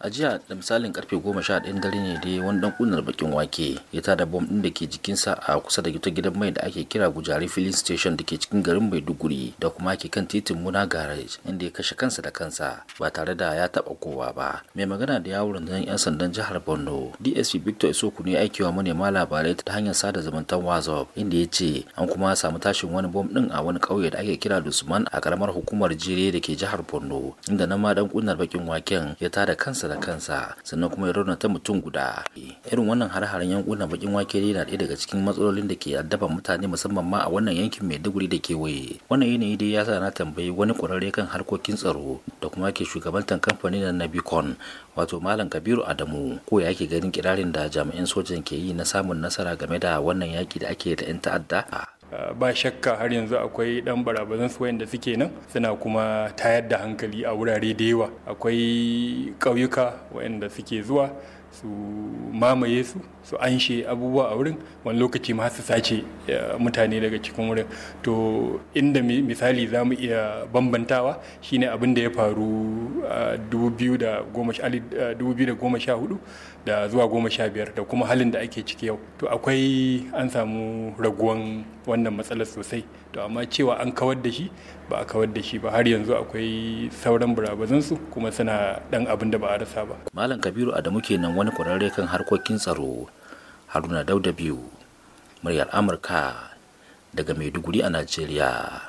a jiya da misalin karfe 11 dare ne dai wani dan kunar bakin wake ya tada bom din da ke jikinsa a kusa da gita gidan mai da ake kira gujari filling station da ke cikin garin maiduguri da kuma ake kan titin muna garage inda ya kashe kansa da kansa ba tare da ya taba kowa ba mai magana da yawon rundunar yan sandan jihar borno dsp victor isoku ne aiki wa manema labarai ta hanyar sada zumuntar whatsapp inda ya ce an kuma samu tashin wani bom din a wani kauye da ake kira dusman a karamar hukumar jere da ke jihar borno inda nan ma dan kunar bakin waken ya tada kansa da kansa sannan kuma ya raunata mutum guda irin wannan hare-haren yankunan bakin wake yana ɗaya daga cikin matsalolin da ke addaba mutane musamman ma a wannan yankin mai maiduguri da kewaye wannan yanayi dai ya sa na tambayi wani ƙwararre kan harkokin tsaro da kuma ke shugabantar kamfanin na bicon wato malam kabiru adamu ko ya ke ganin kirarin da jami'an sojan ke yi na samun nasara game da wannan yaki da ake da 'yan ta'adda ba shakka har yanzu akwai dan barabazan su wayanda suke nan suna kuma tayar da hankali a wurare da yawa akwai ƙauyuka wayanda suke zuwa su mamaye su su anshe abubuwa a wurin wani lokaci ma su sace mutane daga cikin wurin to inda misali za mu iya bambantawa shine abin da ya faru a 2014 da zuwa biyar da kuma halin da ake ciki yau to akwai an samu raguwan wannan matsalar sosai to amma cewa an kawar da shi ba a kawar da shi ba har yanzu akwai sauran burabazansu kuma suna dan abin da ba a rasa ba malam kabiru adamu kenan wani kwararre kan harkokin tsaro haruna dauda biyu muryar amurka daga maiduguri a najeriya